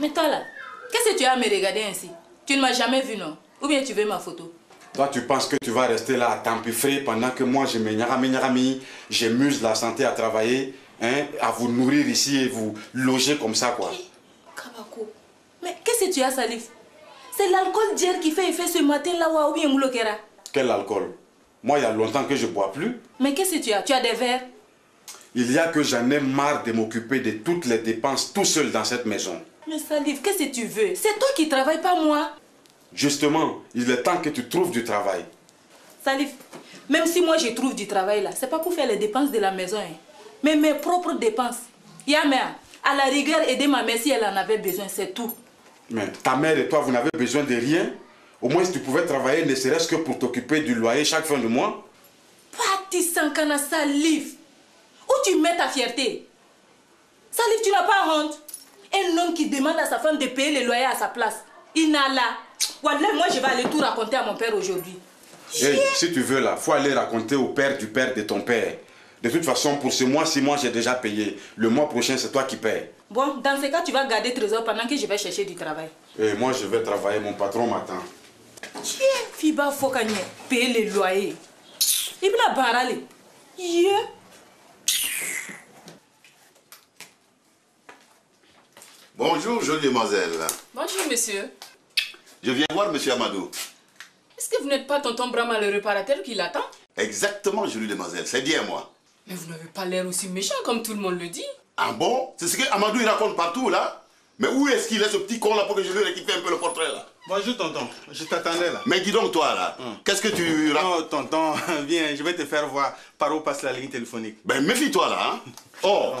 Mais toi là, qu'est-ce que tu as à me regarder ainsi Tu ne m'as jamais vu, non Ou bien tu veux ma photo Toi, tu penses que tu vas rester là à t'empiffrer pendant que moi, je me n'y nyarami, la santé à travailler, hein, à vous nourrir ici et vous loger comme ça, quoi. Eh, Kabako, mais qu'est-ce que tu as, Salif C'est l'alcool d'hier qui fait effet ce matin là, ou bien Moulokera Quel alcool Moi, il y a longtemps que je bois plus. Mais qu'est-ce que tu as Tu as des verres il y a que j'en ai marre de m'occuper de toutes les dépenses tout seul dans cette maison. Mais Salif, qu'est-ce que tu veux C'est toi qui travailles, pas moi. Justement, il est temps que tu trouves du travail. Salif, même si moi je trouve du travail là, c'est pas pour faire les dépenses de la maison. Hein. Mais mes propres dépenses. Yamea, à la rigueur, aider ma mère si elle en avait besoin, c'est tout. Mais ta mère et toi, vous n'avez besoin de rien Au moins, si tu pouvais travailler, ne serait-ce que pour t'occuper du loyer chaque fin de mois Pati Sankana Salif Où tu mets ta fierté Salif, tu n'as pas honte un homme qui demande à sa femme de payer les loyers à sa place. Il n'a là. Voilà, moi je vais aller tout raconter à mon père aujourd'hui. Eh, si tu veux là, faut aller raconter au père du père de ton père. De toute façon, pour ce mois-ci, moi, j'ai déjà payé. Le mois prochain, c'est toi qui paies. Bon, dans ce cas, tu vas garder trésor pendant que je vais chercher du travail. Et eh, moi, je vais travailler. Mon patron m'attend. Tiens, Fiba Fokanye, payer le loyer. Il va barrer. Bonjour, jolie demoiselle. Bonjour, monsieur. Je viens voir monsieur Amadou. Est-ce que vous n'êtes pas tonton Brahma le réparateur qui l'attend Exactement, jolie demoiselle, c'est bien moi. Mais vous n'avez pas l'air aussi méchant comme tout le monde le dit. Ah bon C'est ce que Amadou il raconte partout là Mais où est-ce qu'il est ce petit con là pour que je lui récupère un peu le portrait là Bonjour tonton, je t'attendais là. Mais dis donc toi là, hum. qu'est-ce que tu... Non oh, tonton, viens, je vais te faire voir par où passe la ligne téléphonique. Ben méfie-toi là. Hein. Oh,